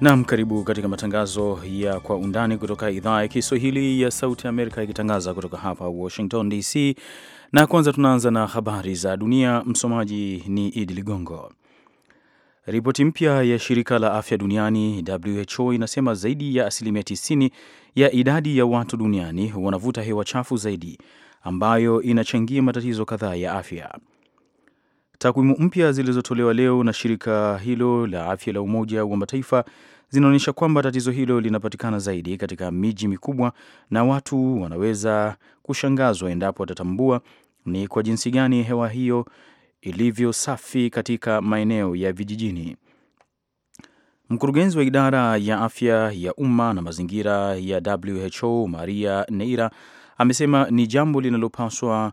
Nam, karibu katika matangazo ya kwa undani kutoka idhaa ya Kiswahili ya Sauti ya Amerika ikitangaza kutoka hapa Washington DC. Na kwanza tunaanza na habari za dunia. Msomaji ni Idi Ligongo. Ripoti mpya ya shirika la afya duniani WHO inasema zaidi ya asilimia 90 ya idadi ya watu duniani wanavuta hewa chafu zaidi, ambayo inachangia matatizo kadhaa ya afya. Takwimu mpya zilizotolewa leo na shirika hilo la afya la Umoja wa Mataifa zinaonyesha kwamba tatizo hilo linapatikana zaidi katika miji mikubwa, na watu wanaweza kushangazwa endapo watatambua ni kwa jinsi gani hewa hiyo ilivyo safi katika maeneo ya vijijini. Mkurugenzi wa idara ya afya ya umma na mazingira ya WHO Maria Neira amesema ni jambo linalopaswa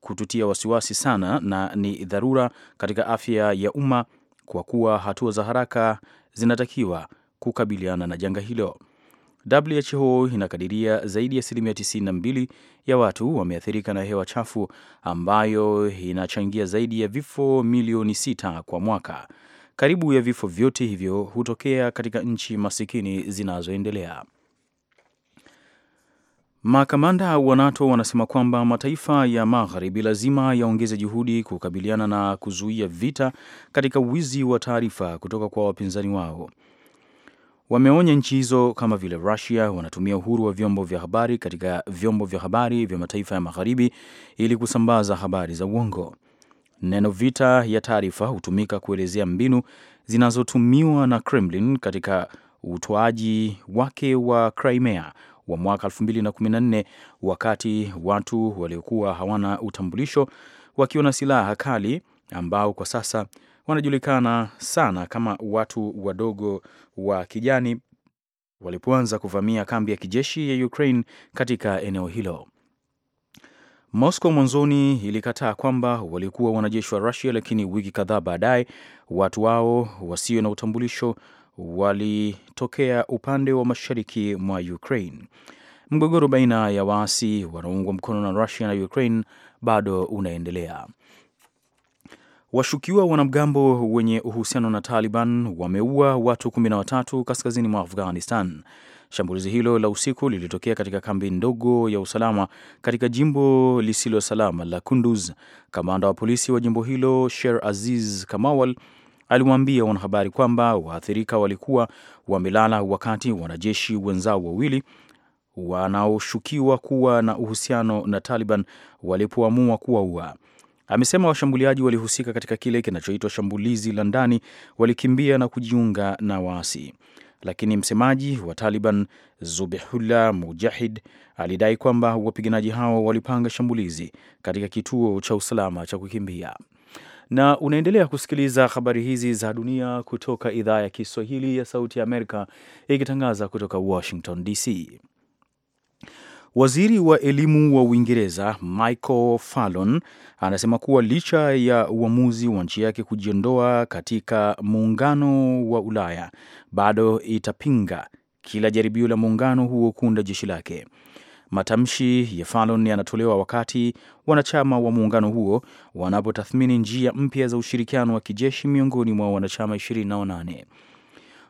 kututia wasiwasi sana na ni dharura katika afya ya umma kwa kuwa hatua za haraka zinatakiwa kukabiliana na janga hilo. WHO inakadiria zaidi ya asilimia 92 ya watu wameathirika na hewa chafu ambayo inachangia zaidi ya vifo milioni sita kwa mwaka. Karibu ya vifo vyote hivyo hutokea katika nchi masikini zinazoendelea. Makamanda wa NATO wanasema kwamba mataifa ya magharibi lazima yaongeze juhudi kukabiliana na kuzuia vita katika wizi wa taarifa kutoka kwa wapinzani wao. Wameonya nchi hizo kama vile rusia wanatumia uhuru wa vyombo vya habari katika vyombo vya habari vya mataifa ya magharibi ili kusambaza habari za uongo. Neno vita ya taarifa hutumika kuelezea mbinu zinazotumiwa na Kremlin katika utoaji wake wa Crimea wa mwaka 2014 wakati watu waliokuwa hawana utambulisho wakiwa na silaha kali ambao kwa sasa wanajulikana sana kama watu wadogo wa kijani walipoanza kuvamia kambi ya kijeshi ya Ukraine katika eneo hilo. Moscow mwanzoni ilikataa kwamba walikuwa wanajeshi wa Russia, lakini wiki kadhaa baadaye watu wao wasio na utambulisho walitokea upande wa mashariki mwa Ukraine. Mgogoro baina ya waasi wanaoungwa mkono na Russia na Ukraine bado unaendelea. Washukiwa wanamgambo wenye uhusiano na Taliban wameua watu 13 kaskazini mwa Afghanistan. Shambulizi hilo la usiku lilitokea katika kambi ndogo ya usalama katika jimbo lisilo salama la Kunduz. Kamanda wa polisi wa jimbo hilo Sher Aziz Kamawal aliwaambia wanahabari kwamba waathirika walikuwa wamelala wakati wanajeshi wenzao wawili wanaoshukiwa kuwa na uhusiano na Taliban walipoamua kuwaua. Amesema washambuliaji walihusika katika kile kinachoitwa shambulizi la ndani, walikimbia na kujiunga na waasi. Lakini msemaji wa Taliban Zubihullah Mujahid alidai kwamba wapiganaji hao walipanga shambulizi katika kituo cha usalama cha kukimbia na unaendelea kusikiliza habari hizi za dunia kutoka idhaa ya Kiswahili ya Sauti ya Amerika ikitangaza kutoka Washington DC. Waziri wa elimu wa Uingereza Michael Fallon anasema kuwa licha ya uamuzi wa nchi yake kujiondoa katika muungano wa Ulaya, bado itapinga kila jaribio la muungano huo kuunda jeshi lake. Matamshi ya Fallon yanatolewa wakati wanachama wa muungano huo wanapotathmini njia mpya za ushirikiano wa kijeshi miongoni mwa wanachama 28.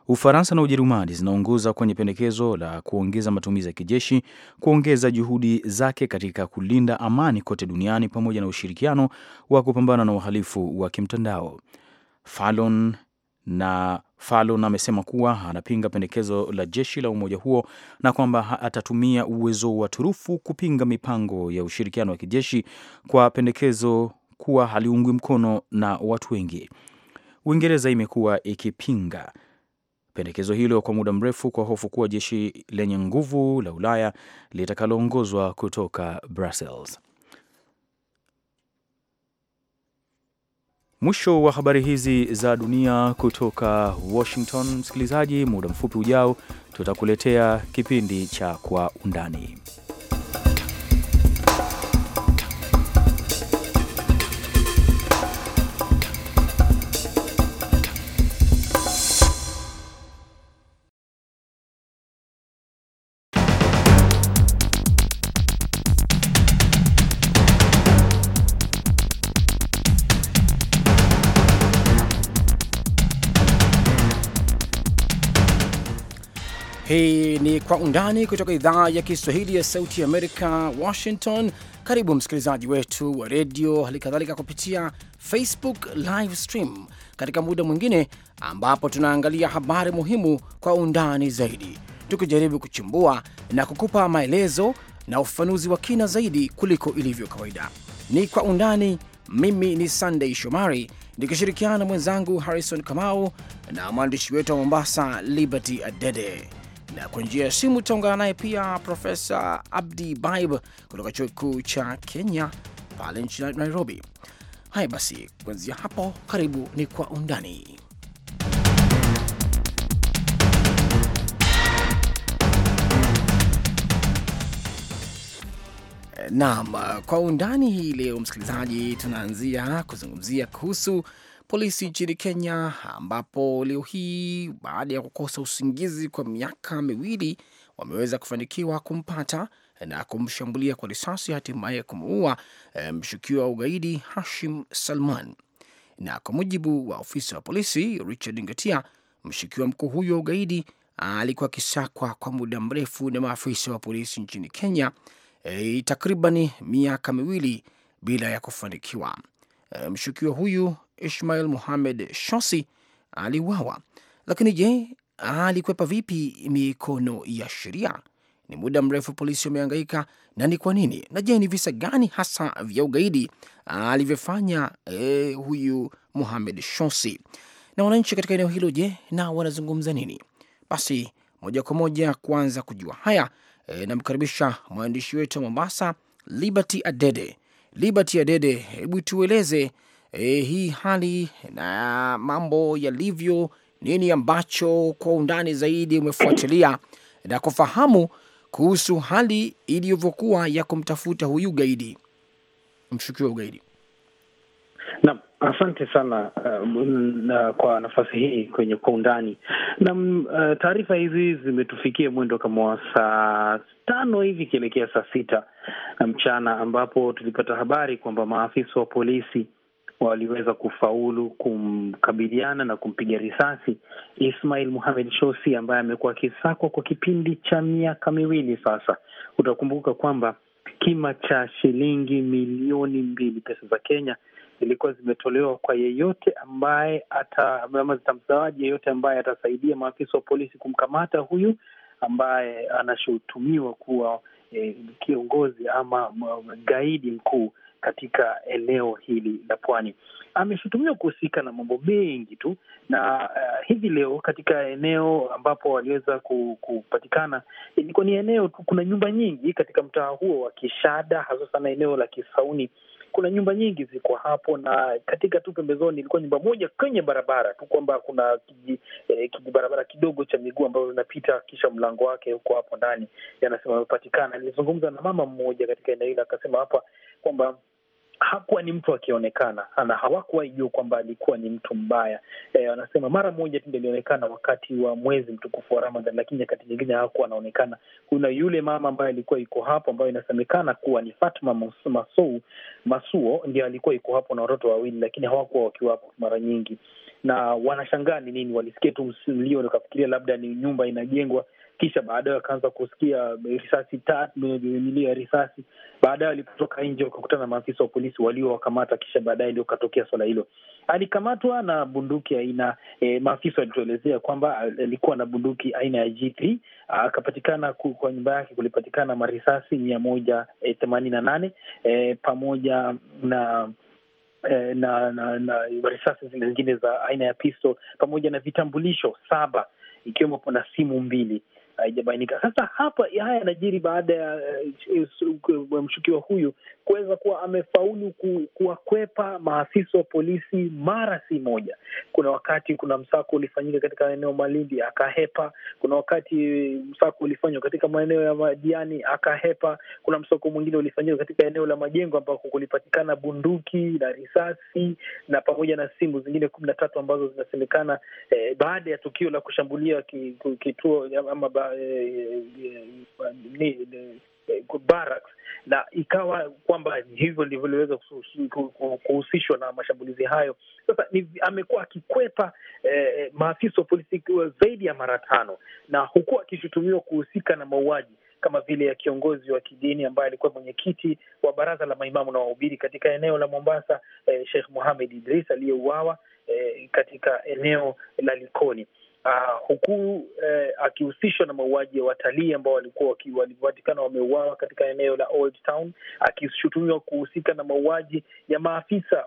Ufaransa na Ujerumani zinaongoza kwenye pendekezo la kuongeza matumizi ya kijeshi, kuongeza juhudi zake katika kulinda amani kote duniani pamoja na ushirikiano wa kupambana na uhalifu wa kimtandao. Fallon na Fallon amesema kuwa anapinga pendekezo la jeshi la umoja huo na kwamba atatumia uwezo wa turufu kupinga mipango ya ushirikiano wa kijeshi kwa pendekezo kuwa haliungwi mkono na watu wengi. Uingereza imekuwa ikipinga pendekezo hilo kwa muda mrefu kwa hofu kuwa jeshi lenye nguvu la Ulaya litakaloongozwa kutoka Brussels. Mwisho wa habari hizi za dunia kutoka Washington. Msikilizaji, muda mfupi ujao tutakuletea kipindi cha Kwa Undani. kwa undani kutoka idhaa ya Kiswahili ya Sauti ya Amerika, Washington. Karibu msikilizaji wetu wa redio, hali kadhalika kupitia Facebook live stream, katika muda mwingine ambapo tunaangalia habari muhimu kwa undani zaidi, tukijaribu kuchimbua na kukupa maelezo na ufafanuzi wa kina zaidi kuliko ilivyo kawaida. Ni kwa undani. Mimi ni sandey Shomari nikishirikiana na mwenzangu Harrison Kamau na mwandishi wetu wa Mombasa, Liberty Adede na kwa njia ya simu utaungana naye pia Profesa Abdi Baib kutoka chuo kikuu cha Kenya pale nchini Nairobi. Haya basi, kuanzia hapo, karibu ni kwa undani Naam, kwa undani hii leo msikilizaji, tunaanzia kuzungumzia kuhusu polisi nchini Kenya, ambapo leo hii baada ya kukosa usingizi kwa miaka miwili wameweza kufanikiwa kumpata na kumshambulia kwa risasi, hatimaye kumuua eh, mshukiwa wa ugaidi Hashim Salman. Na kwa mujibu wa ofisa wa polisi Richard Ngatia, mshukiwa mkuu huyo wa ugaidi alikuwa akisakwa kwa muda mrefu na maafisa wa polisi nchini Kenya e, eh, takriban miaka miwili bila ya kufanikiwa. E, mshukiwa huyu Ismail muhamed Shosi aliuawa, lakini je, alikwepa vipi mikono ya sheria? Ni muda mrefu polisi wameangaika na ni kwa nini, na je, ni visa gani hasa vya ugaidi alivyofanya eh, huyu muhamed Shosi? Na wananchi katika eneo hilo, je, na wanazungumza nini? Basi moja kwa moja kuanza kujua haya e, namkaribisha mwandishi wetu wa Mombasa Liberty Adede. Liberty Adede, hebu tueleze e, hii hali na mambo yalivyo, nini ambacho kwa undani zaidi umefuatilia na kufahamu kuhusu hali ilivyokuwa ya kumtafuta huyu gaidi mshukiwa ugaidi. Naam, asante sana uh, na kwa nafasi hii kwenye kwa undani nam uh, taarifa hizi zimetufikia mwendo kama wa saa tano hivi ikielekea saa sita uh, mchana ambapo tulipata habari kwamba maafisa wa polisi waliweza kufaulu kumkabiliana na kumpiga risasi Ismail muhamed Shosi ambaye amekuwa akisakwa kwa kipindi cha miaka miwili sasa. Utakumbuka kwamba kima cha shilingi milioni mbili pesa za Kenya zilikuwa zimetolewa kwa yeyote ambaye ata ama zitamzawaji yeyote ambaye atasaidia maafisa wa polisi kumkamata huyu ambaye anashutumiwa kuwa eh, kiongozi ama gaidi mkuu katika eneo hili la pwani. Ameshutumiwa kuhusika na mambo mengi tu na uh, hivi leo katika eneo ambapo waliweza kupatikana ilikuwa eh, ni eneo tu, kuna nyumba nyingi katika mtaa huo wa Kishada, hasa sana eneo la Kisauni kuna nyumba nyingi ziko hapo, na katika tu pembezoni ilikuwa nyumba moja kwenye barabara tu, kwamba kuna kiji, eh, kijibarabara kidogo cha miguu ambayo inapita kisha mlango wake huko hapo ndani, yanasema amepatikana. Nilizungumza na mama mmoja katika eneo hilo, akasema hapa kwamba hakuwa ni mtu akionekana, na hawakuwahi jua kwamba alikuwa ni mtu mbaya. Eh, wanasema e, mara moja tu ndiyo alionekana wakati wa mwezi mtukufu wa Ramadhan, lakini nyakati nyingine hawakuwa anaonekana. Kuna yule mama ambaye alikuwa iko hapo, ambayo inasemekana kuwa ni Fatma Masou Masuo, ndio alikuwa iko hapo na watoto wawili, lakini hawakuwa wakiwapo mara nyingi, na wanashangaa ni nini. Walisikia tu mlio, wakafikiria labda ni nyumba inajengwa kisha baadaye wakaanza kusikia risasi tatu, milio ya risasi. Baadaye walipotoka nje wakakutana na maafisa wa polisi waliowakamata, kisha baadaye ndio katokea swala hilo. Alikamatwa na bunduki aina e, maafisa walituelezea kwamba alikuwa na bunduki aina ya G3. Akapatikana kwa nyumba yake kulipatikana marisasi mia moja e, themanini na nane e, pamoja na na na, na risasi zile zingine za aina ya pisto pamoja na vitambulisho saba ikiwemo na simu mbili haijabainika. Sasa hapa haya yanajiri baada ya uh, mshukiwa huyu kuweza kuwa amefaulu ku, kuwakwepa maafisa wa polisi mara si moja. Kuna wakati kuna msako ulifanyika katika maeneo Malindi akahepa, kuna wakati msako ulifanywa katika maeneo ya majiani akahepa, kuna msako mwingine ulifanyika katika eneo la Majengo ambako kulipatikana bunduki na risasi na pamoja na simu zingine kumi na tatu ambazo zinasemekana eh, baada ya tukio la kushambulia kituo ama Eh, eh, eh, barracks na ikawa kwamba hivyo ndivyo iliweza kuhusishwa na mashambulizi hayo. Sasa amekuwa akikwepa eh, maafisa wa polisi zaidi ya mara tano, na huku akishutumiwa kuhusika na mauaji kama vile ya kiongozi wa kidini ambaye alikuwa mwenyekiti wa baraza la maimamu na wahubiri katika eneo la Mombasa, eh, Sheikh muhamed Idris aliyeuawa eh, katika eneo la Likoni uh, huku eh, akihusishwa na mauaji ya watalii ambao walikuwa walipatikana wameuawa katika eneo la Old Town, akishutumiwa kuhusika na mauaji ya maafisa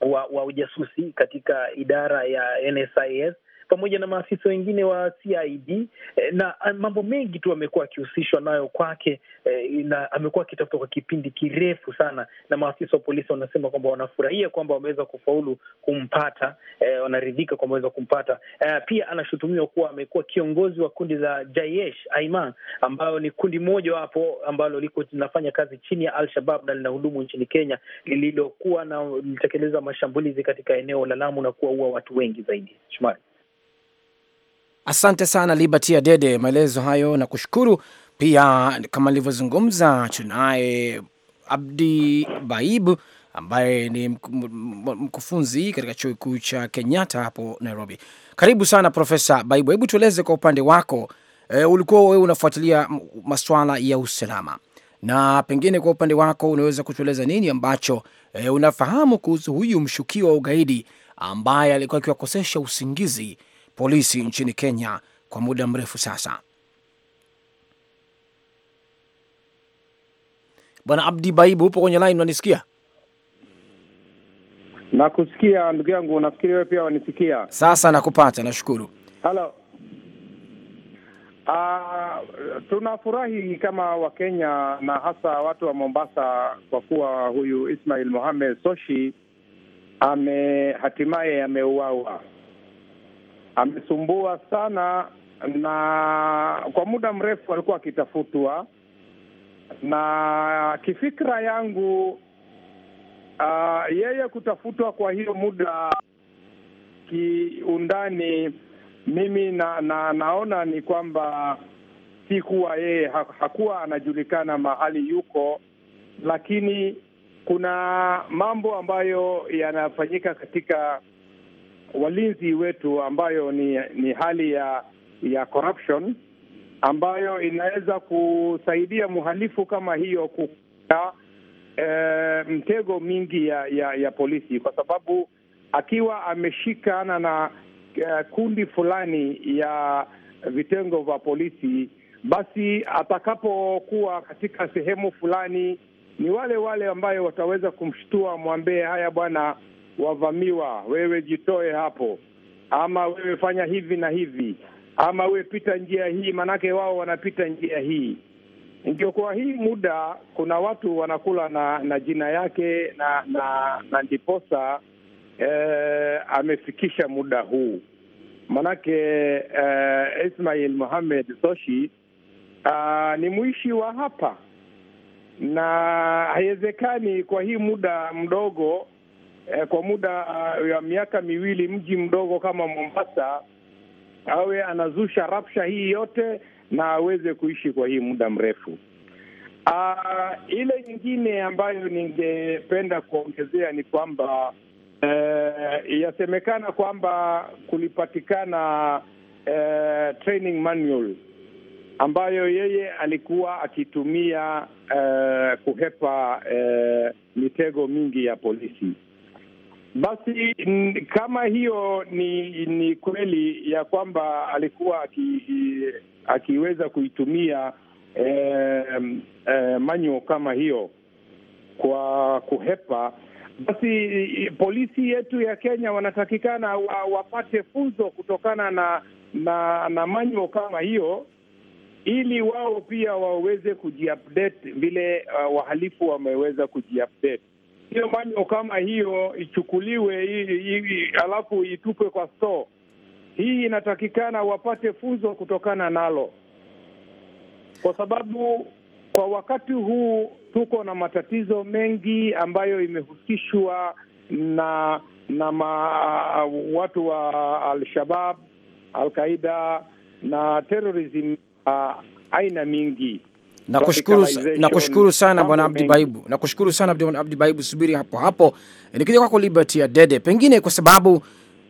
wa, wa ujasusi katika idara ya NSIS pamoja na maafisa wengine wa CID eh, na ah, mambo mengi tu amekuwa akihusishwa nayo kwake, eh, na amekuwa akitafuta kwa kipindi kirefu sana, na maafisa wa polisi wanasema kwamba wanafurahia kwamba wameweza kufaulu kumpata, eh, wanaridhika kwamba wameweza kumpata. Pia anashutumiwa kuwa amekuwa kiongozi wa kundi la Jaish Aiman, ambayo ni kundi moja wapo ambalo liko linafanya kazi chini ya alshabab na linahudumu nchini Kenya, lililokuwa na litekeleza mashambulizi katika eneo la Lamu na kuwaua watu wengi zaidi. Shumari. Asante sana Liberty Adede, maelezo hayo na kushukuru pia. Kama nilivyozungumza, tunaye Abdi Baibu ambaye ni mkufunzi katika chuo kikuu cha Kenyatta hapo Nairobi. Karibu sana Profesa Baibu, hebu tueleze kwa upande wako e, ulikuwa wewe unafuatilia masuala ya usalama na pengine kwa upande wako unaweza kutueleza nini ambacho e, unafahamu kuhusu huyu mshukiwa wa ugaidi ambaye alikuwa akiwakosesha usingizi polisi nchini Kenya kwa muda mrefu sasa. Bwana Abdi Baibu, upo kwenye line, unanisikia? Nakusikia ndugu yangu, nafikiri wewe pia wanisikia. Sasa nakupata, nashukuru. Halo. Uh, tunafurahi kama Wakenya na hasa watu wa Mombasa kwa kuwa huyu Ismail Mohamed Soshi ame hatimaye ameuawa amesumbua sana, na kwa muda mrefu alikuwa akitafutwa, na kifikra yangu uh, yeye kutafutwa kwa hiyo muda kiundani, mimi na, na naona ni kwamba si kuwa yeye hakuwa anajulikana mahali yuko, lakini kuna mambo ambayo yanafanyika katika walinzi wetu, ambayo ni, ni hali ya ya corruption ambayo inaweza kusaidia mhalifu kama hiyo kuka e, eh, mtego mingi ya, ya ya polisi, kwa sababu akiwa ameshikana na uh, kundi fulani ya vitengo vya polisi, basi atakapokuwa katika sehemu fulani, ni wale wale ambayo wataweza kumshtua, mwambie haya bwana wavamiwa, wewe jitoe hapo, ama wewe fanya hivi na hivi, ama wewe pita njia hii, maanake wao wanapita njia hii. Ndio kwa hii muda kuna watu wanakula na na jina yake na na, na ndiposa eh, amefikisha muda huu maanake eh, Ismail Mohamed Soshi ah, ni mwishi wa hapa na haiwezekani kwa hii muda mdogo eh, kwa muda uh, ya miaka miwili mji mdogo kama Mombasa awe anazusha rapsha hii yote na aweze kuishi kwa hii muda mrefu. Uh, ile nyingine ambayo ningependa kuongezea ni kwamba eh, yasemekana kwamba kulipatikana eh, training manual ambayo yeye alikuwa akitumia eh, kuhepa eh, mitego mingi ya polisi. Basi kama hiyo ni ni kweli ya kwamba alikuwa aki, akiweza kuitumia eh, eh, manyo kama hiyo kwa kuhepa, basi polisi yetu ya Kenya wanatakikana wa, wapate funzo kutokana na na, na manyo kama hiyo ili wao pia waweze kujiupdate vile uh, wahalifu wameweza kujiupdate hiyo manyo kama hiyo ichukuliwe hivi, alafu itupwe kwa store. Hii inatakikana wapate funzo kutokana nalo, kwa sababu kwa wakati huu tuko na matatizo mengi ambayo imehusishwa na na ma, watu wa Al-Shabab, Al-Qaida na terrorism uh, aina mingi Nakushukuru, kushukuru sana bwana Abdi Baibu, nakushukuru sana bwana Abdi Baibu. Subiri hapo hapo, nikija kwako Liberty ya Dede, pengine kwa sababu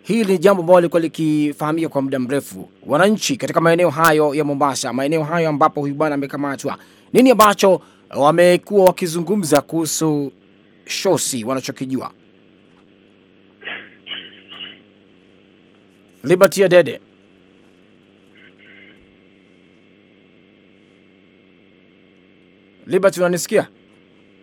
hili ni jambo ambalo lilikuwa likifahamika kwa muda mrefu, wananchi katika maeneo hayo ya Mombasa, maeneo hayo ambapo huyu bwana amekamatwa, nini ambacho wamekuwa wakizungumza kuhusu shosi wanachokijua? Liberty ya Dede. liberty unanisikia?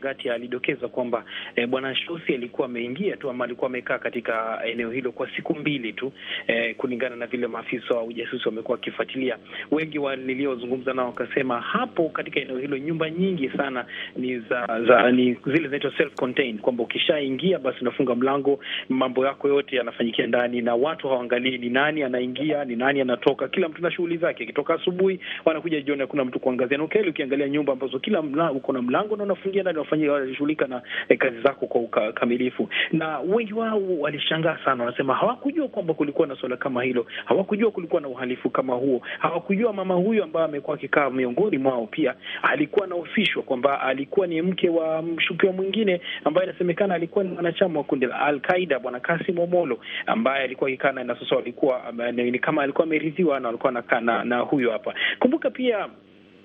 Gati alidokeza kwamba e, bwana Shosi alikuwa ameingia tu ama alikuwa amekaa katika eneo hilo kwa siku mbili tu e, kulingana na vile maafisa wa ujasusi wamekuwa wakifuatilia. Wengi waliozungumza nao wakasema hapo katika eneo hilo nyumba nyingi sana ni za, za ni zile zinaitwa self contained, kwamba ukishaingia basi unafunga mlango, mambo yako yote yanafanyikia ndani na watu hawaangalii ni nani anaingia ni nani anatoka. Kila mtu na shughuli zake, akitoka asubuhi wanakuja jioni, hakuna mtu kuangazia. Na ukiangalia nyumba ambazo kila mlango uko na mlango na unafungia ndani wafanye wanashughulika na eh, kazi zako kwa ukamilifu. Na wengi wao walishangaa sana, wanasema hawakujua kwamba kulikuwa na suala kama hilo, hawakujua kulikuwa na uhalifu kama huo, hawakujua mama huyu ambaye amekuwa akikaa miongoni mwao pia alikuwa anaofishwa kwamba alikuwa ni mke wa mshukiwa mwingine ambaye inasemekana alikuwa ni mwanachama wa kundi la Al Qaida, Bwana Kasim Omolo ambaye alikuwa akikaa na sasa walikuwa eh, ni kama alikuwa ameridhiwa na alikuwa anakaa na huyo hapa. Kumbuka pia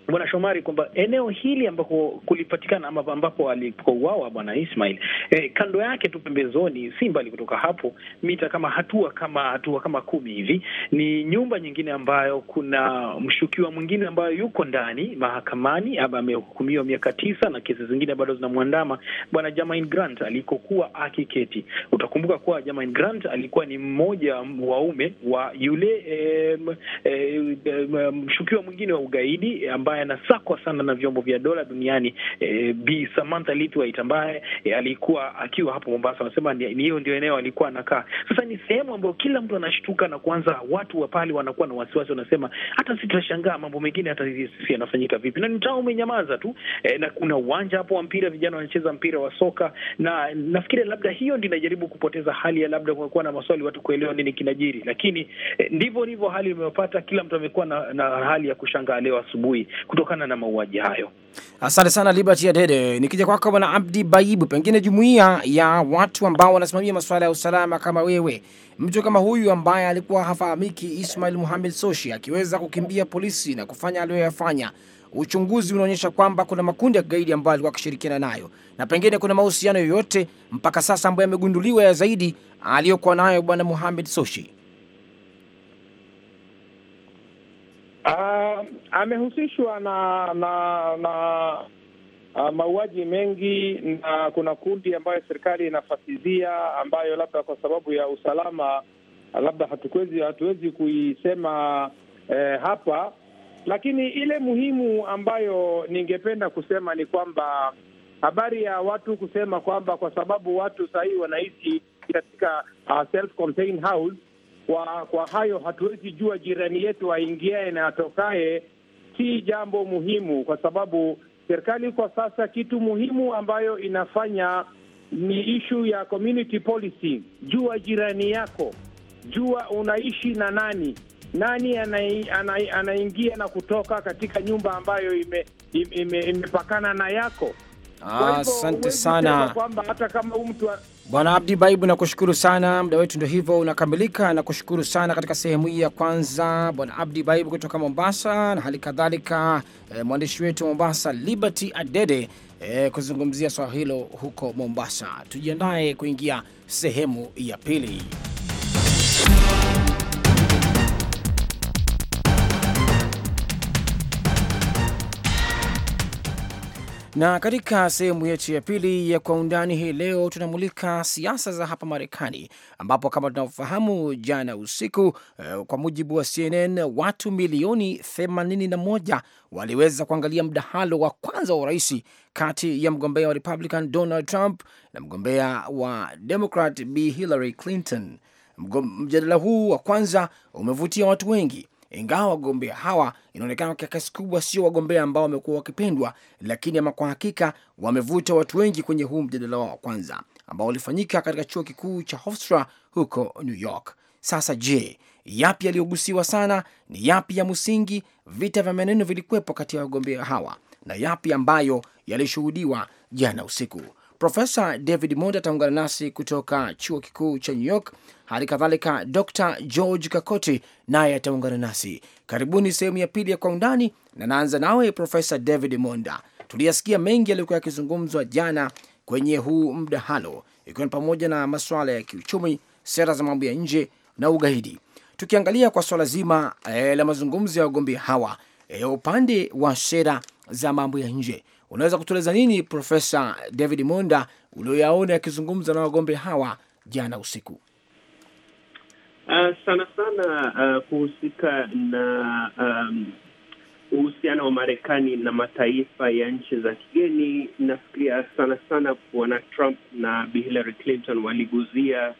Bwana Shomari kwamba eneo hili ambako kulipatikana ama ambapo alipouawa Bwana Ismail e, kando yake tu pembezoni, si mbali kutoka hapo mita kama hatua kama hatua kama kumi hivi, ni nyumba nyingine ambayo kuna mshukiwa mwingine ambayo yuko ndani mahakamani ama amehukumiwa miaka tisa na kesi zingine bado zinamwandama Bwana Jamain Grant alikokuwa akiketi. Utakumbuka kuwa Jamain Grant alikuwa ni mmoja waume wa yule e, e, e, mshukiwa mwingine wa ugaidi ambaye yanasakwa sana na vyombo vya dola duniani. E, Bi Samantha Litwaite ambaye e, alikuwa akiwa hapo Mombasa, anasema ni hiyo ndio eneo alikuwa anakaa. Sasa ni sehemu ambayo kila mtu anashtuka na kuanza, watu wa pale wanakuwa na wasiwasi, wanasema hata si tunashangaa mambo mengine hata sisi yanafanyika vipi, na mtaa umenyamaza tu e, na kuna uwanja hapo wa mpira, vijana wanacheza mpira wa soka, na nafikiri labda hiyo ndio inajaribu kupoteza hali ya labda kuwa na maswali watu kuelewa nini kinajiri, lakini e, ndivyo ndivyo hali imewapata. Kila mtu amekuwa na, na hali ya kushangaa leo asubuhi kutokana na mauaji hayo. Asante sana Liberty Adede. Nikija kwako Bwana Abdi Baibu, pengine jumuiya ya watu ambao wanasimamia masuala ya usalama kama wewe, mtu kama huyu ambaye alikuwa hafahamiki, Ismail Muhamed Soshi, akiweza kukimbia polisi na kufanya aliyoyafanya, uchunguzi unaonyesha kwamba kuna makundi ya kigaidi ambayo alikuwa akishirikiana nayo, na pengine kuna mahusiano yoyote mpaka sasa ambayo yamegunduliwa ya zaidi aliyokuwa nayo Bwana Muhamed Soshi? Uh... Ah, amehusishwa na na na uh, mauaji mengi, na kuna kundi ambayo serikali inafasizia, ambayo labda kwa sababu ya usalama labda hatuwezi hatuwezi kuisema eh, hapa, lakini ile muhimu ambayo ningependa kusema ni kwamba habari ya watu kusema kwamba kwa sababu watu sahii wanaishi katika uh, self-contained house kwa, kwa hayo hatuwezi jua jirani yetu aingiae na atokae si jambo muhimu, kwa sababu serikali kwa sasa kitu muhimu ambayo inafanya ni ishu ya community policy. Jua jirani yako, jua unaishi na nani, nani anaingia ana, ana na kutoka katika nyumba ambayo imepakana ime, ime, ime na yako Ah, asante sana Bwana Abdi Baibu, nakushukuru sana. Muda wetu ndio hivyo unakamilika. Nakushukuru sana katika sehemu hii ya kwanza, Bwana Abdi Baibu kutoka Mombasa na hali kadhalika eh, mwandishi wetu Mombasa Liberty Adede eh, kuzungumzia swala hilo huko Mombasa. Tujiandaye kuingia sehemu ya pili. Na katika sehemu yetu ya pili ya kwa undani hii leo tunamulika siasa za hapa Marekani, ambapo kama tunavyofahamu, jana usiku eh, kwa mujibu wa CNN watu milioni 81 waliweza kuangalia mdahalo wa kwanza wa urais kati ya mgombea wa Republican Donald Trump na mgombea wa Democrat b Hillary Clinton. Mjadala huu wa kwanza umevutia watu wengi ingawa wagombea hawa inaonekana kwa kiasi kubwa sio wagombea ambao wamekuwa wakipendwa, lakini ama kwa hakika wamevuta watu wengi kwenye huu mjadala wa kwanza ambao ulifanyika katika chuo kikuu cha Hofstra huko New York. Sasa je, yapi yaliyogusiwa sana? Ni yapi ya msingi? Vita vya maneno vilikuwepo kati ya wagombea hawa, na yapi ambayo yalishuhudiwa jana usiku? Profesa David Monda ataungana nasi kutoka chuo kikuu cha New York, hali kadhalika Dr George Kakoti naye ataungana nasi. Karibuni sehemu ya pili ya Kwa Undani, na naanza nawe Profesa David Monda. Tuliyasikia mengi yaliyokuwa yakizungumzwa jana kwenye huu mdahalo, ikiwa ni pamoja na masuala ya kiuchumi, sera za mambo ya nje na ugaidi. Tukiangalia kwa swala zima eh, la mazungumzo ya wagombea hawa eh, upande wa sera za mambo ya nje Unaweza kutueleza nini Profesa David Monda ulioyaona akizungumza na wagombea hawa jana usiku? Uh, sana sana uh, kuhusika na um, uhusiano wa Marekani na mataifa ya nchi za kigeni. Nafikiria sana sana Bwana Trump na Bi Hillary Clinton waliguzia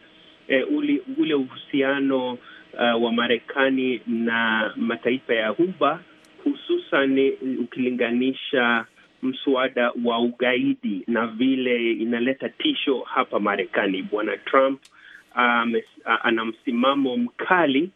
eh, ule, ule uhusiano uh, wa Marekani na mataifa ya Ghuba, hususan eh, ukilinganisha mswada wa ugaidi na vile inaleta tisho hapa Marekani. Bwana Trump um, ana msimamo mkali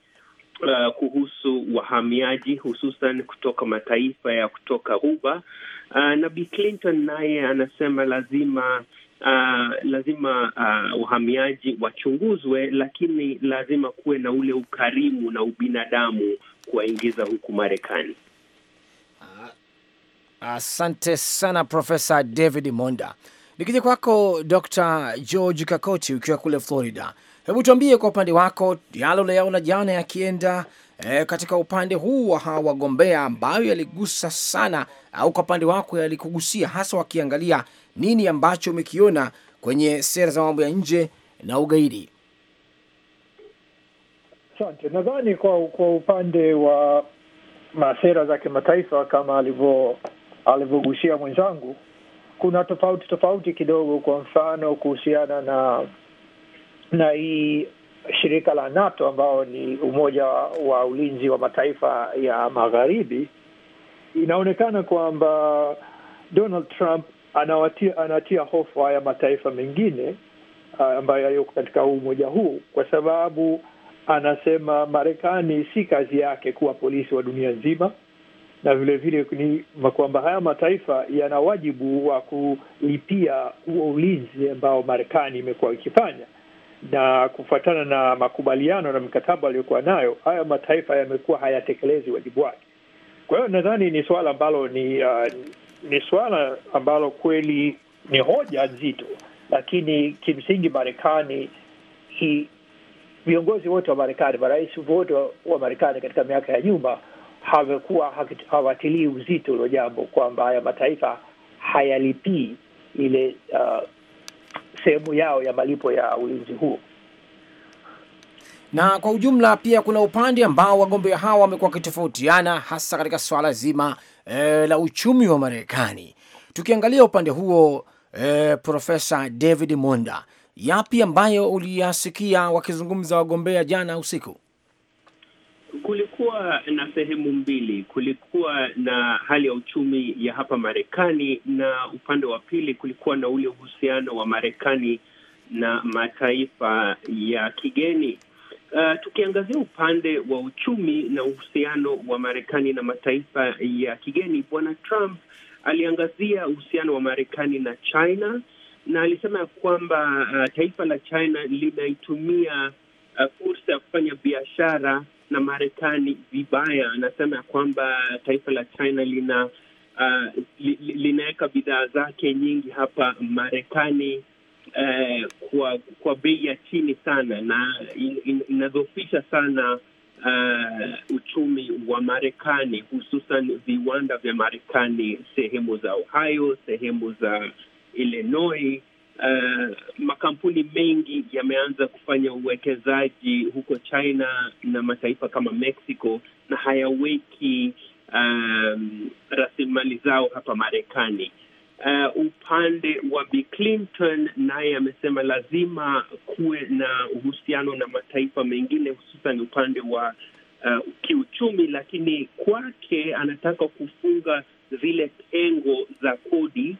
uh, kuhusu wahamiaji hususan kutoka mataifa ya kutoka Ghuba uh, na Bi Clinton naye anasema lazima Uh, lazima uh, wahamiaji wachunguzwe, lakini lazima kuwe na ule ukarimu na ubinadamu kuwaingiza huku Marekani. Asante sana Profesa David Monda. Nikija kwako Dr George Kakoti, ukiwa kule Florida, hebu tuambie kwa upande wako yale unayaona jana yakienda e, katika upande huu wa hawa wagombea ambayo yaligusa sana, au kwa upande wako yalikugusia hasa, wakiangalia nini ambacho umekiona kwenye sera za mambo ya nje na ugaidi? Asante. Nadhani kwa, kwa upande wa masera za kimataifa kama alivyo alivyogusia mwenzangu, kuna tofauti tofauti kidogo, kwa mfano kuhusiana na na hii shirika la NATO ambao ni umoja wa ulinzi wa mataifa ya magharibi, inaonekana kwamba Donald Trump anawatia, anatia hofu haya mataifa mengine ah, ambayo yaliyoko katika umoja huu, kwa sababu anasema Marekani si kazi yake kuwa polisi wa dunia nzima na vilevile ni kwamba haya mataifa yana wajibu wa kulipia huo ulinzi ambao Marekani imekuwa ikifanya, na kufuatana na makubaliano na mikataba aliyokuwa nayo, haya mataifa yamekuwa hayatekelezi wajibu wake. Kwa hiyo nadhani ni suala ambalo ni uh, ni suala ambalo kweli ni hoja nzito, lakini kimsingi Marekani viongozi wote wa Marekani, marais wote wa Marekani katika miaka ya nyuma hawakuwa hawatilii uzito ulo jambo kwamba haya mataifa hayalipii ile uh, sehemu yao ya malipo ya ulinzi huo. Na kwa ujumla pia kuna upande ambao wagombea hawa wamekuwa wakitofautiana hasa katika swala zima e, la uchumi wa Marekani. Tukiangalia upande huo e, Profesa David Monda, yapi ambayo uliyasikia wakizungumza wagombea jana usiku? kulikuwa na sehemu mbili. Kulikuwa na hali ya uchumi ya hapa Marekani, na upande wa pili kulikuwa na ule uhusiano wa Marekani na mataifa ya kigeni. Uh, tukiangazia upande wa uchumi na uhusiano wa Marekani na mataifa ya kigeni, Bwana Trump aliangazia uhusiano wa Marekani na China na alisema ya kwamba uh, taifa la China linaitumia uh, fursa ya kufanya biashara na Marekani vibaya. Anasema ya kwamba taifa la China lina uh, li, linaweka bidhaa zake nyingi hapa Marekani uh, kwa kwa bei ya chini sana na in, in, inadhofisha sana uh, uchumi wa Marekani, hususan viwanda vya Marekani sehemu za Ohio, sehemu za Illinois Uh, makampuni mengi yameanza kufanya uwekezaji huko China na mataifa kama Mexico na hayaweki um, rasilimali zao hapa Marekani. Uh, upande wa Bi Clinton naye amesema lazima kuwe na uhusiano na mataifa mengine hususan upande wa uh, kiuchumi, lakini kwake anataka kufunga zile pengo za kodi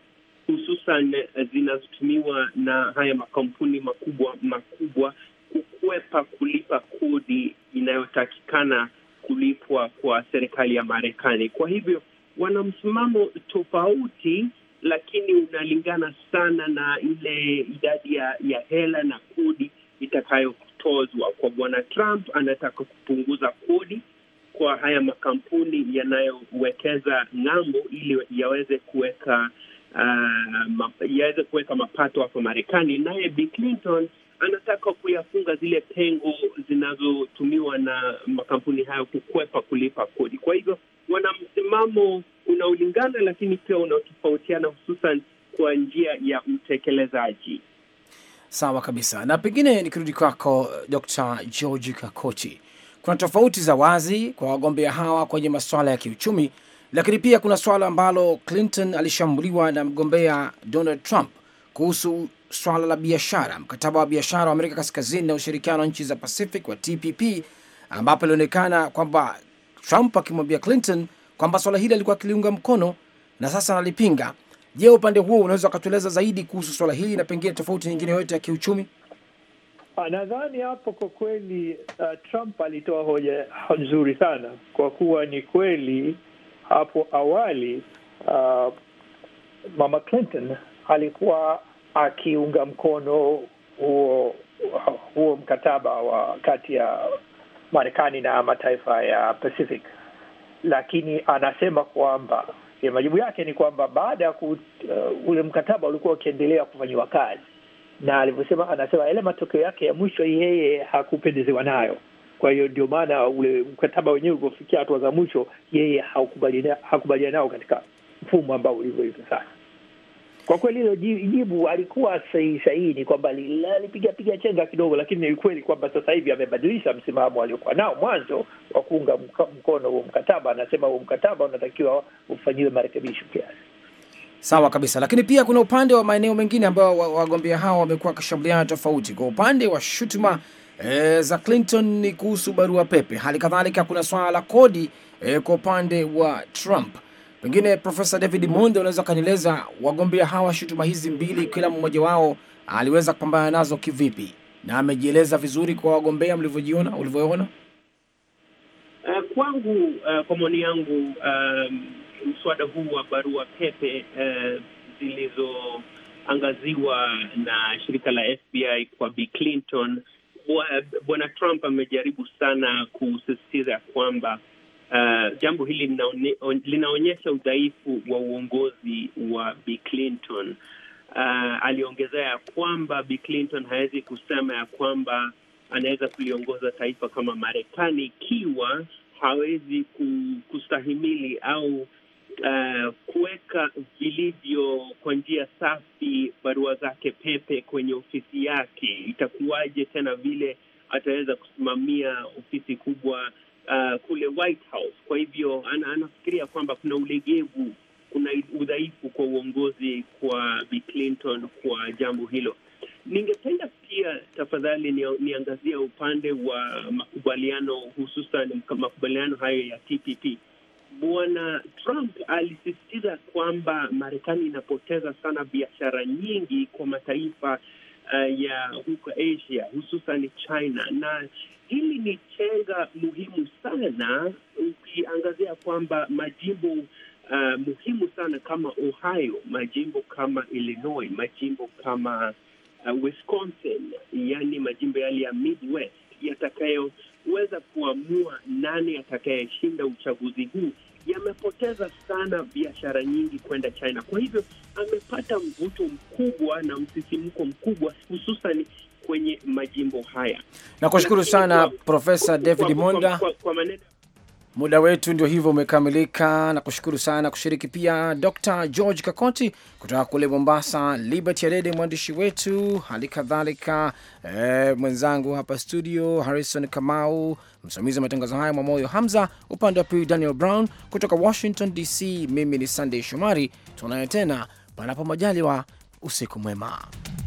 hususan eh, zinazotumiwa na haya makampuni makubwa makubwa kukwepa kulipa kodi inayotakikana kulipwa kwa serikali ya Marekani. Kwa hivyo wana msimamo tofauti, lakini unalingana sana na ile idadi ya, ya hela na kodi itakayotozwa. Kwa bwana Trump, anataka kupunguza kodi kwa haya makampuni yanayowekeza ng'ambo ili yaweze kuweka uh, yaweze kuweka mapato hapa Marekani. Naye Bi Clinton anataka kuyafunga zile pengo zinazotumiwa na makampuni hayo kukwepa kulipa kodi. Kwa hivyo wana msimamo unaolingana, lakini pia unaotofautiana, hususan kwa njia ya utekelezaji. Sawa kabisa. Na pengine nikirudi kwako, Dr. George Kakoti, kuna tofauti za wazi kwa wagombea hawa kwenye masuala ya kiuchumi lakini pia kuna swala ambalo Clinton alishambuliwa na mgombea Donald Trump kuhusu swala la biashara, mkataba wa biashara wa Amerika Kaskazini na ushirikiano wa nchi za Pacific wa TPP, ambapo ilionekana kwamba Trump akimwambia Clinton kwamba swala hili alikuwa akiliunga mkono na sasa analipinga. Je, upande huo unaweza ukatueleza zaidi kuhusu swala hili na pengine tofauti nyingine yoyote ya kiuchumi? Ah, nadhani hapo kwa kweli uh, Trump alitoa hoja nzuri sana, kwa kuwa ni kweli hapo awali uh, Mama Clinton alikuwa akiunga mkono huo huo mkataba wa kati ya Marekani na mataifa ya Pacific, lakini anasema kwamba ya majibu yake ni kwamba baada ya uh, ule mkataba ulikuwa ukiendelea kufanyiwa kazi, na alivyosema, anasema yale matokeo yake ya mwisho yeye hakupendezewa nayo, kwa hiyo ndio maana ule mkataba wenyewe ulivyofikia hatua za mwisho, yeye hakubaliana nao katika mfumo ambao ulivyo hivi sasa. Kwa kweli hilo jibu alikuwa sahihi sahihi, kwamba alipigapiga piga chenga kidogo, lakini ni ukweli kwamba sasa hivi amebadilisha msimamo aliokuwa nao mwanzo wa kuunga mkono huo mkataba. Anasema huo mkataba unatakiwa ufanyiwe marekebisho kiasi. Sawa kabisa, lakini pia kuna upande wa maeneo mengine ambayo wagombea hao wamekuwa wakishambuliana tofauti. Kwa upande wa shutuma e, za Clinton ni kuhusu barua pepe, hali kadhalika kuna swala la kodi e, kwa upande wa Trump. Pengine Profesa David Monde, unaweza ukanieleza wagombea hawa shutuma hizi mbili, kila mmoja wao aliweza kupambana nazo kivipi na amejieleza vizuri kwa wagombea mlivyojiona ulivyoona? Uh, kwangu uh, kwa maoni yangu um, mswada huu wa barua pepe uh, zilizoangaziwa na shirika la FBI kwa b Clinton Eh, Bwana Trump amejaribu sana kusisitiza ya kwamba uh, jambo hili linaonyesha udhaifu wa uongozi wa Bi Clinton. Uh, aliongezea ya kwamba Bi Clinton hawezi kusema ya kwamba anaweza kuliongoza taifa kama Marekani ikiwa hawezi kustahimili au uh, kuweka vilivyo kwa njia safi barua zake pepe kwenye ofisi yake. Itakuwaje tena vile ataweza kusimamia ofisi kubwa uh, kule White House? Kwa hivyo ana, anafikiria kwamba kuna ulegevu, kuna udhaifu kwa uongozi kwa Bi Clinton kwa jambo hilo. Ningependa pia tafadhali niangazia upande wa makubaliano, hususan makubaliano hayo ya TPP. Bwana Trump alisisitiza kwamba Marekani inapoteza sana biashara nyingi kwa mataifa uh, ya huko Asia hususan China, na hili ni chenga muhimu sana ukiangazia kwamba majimbo uh, muhimu sana kama Ohio, majimbo kama Illinois, majimbo kama uh, Wisconsin, yani majimbo yale ya Midwest yatakayo kuweza kuamua nani atakayeshinda uchaguzi huu yamepoteza sana biashara nyingi kwenda China. Kwa hivyo amepata mvuto mkubwa na msisimko mkubwa hususan kwenye majimbo haya. Nakushukuru sana Profesa David Monda kwa, kwa, kwa maneno Muda wetu ndio hivyo umekamilika, na kushukuru sana kushiriki pia Dr George Kakoti kutoka kule Mombasa, Liberty Adede mwandishi wetu, hali kadhalika eh, mwenzangu hapa studio Harrison Kamau, msimamizi wa matangazo haya Mwamoyo Hamza, upande wa pili Daniel Brown kutoka Washington DC. Mimi ni Sandey Shomari, tuonane tena panapo majaliwa. Usiku mwema.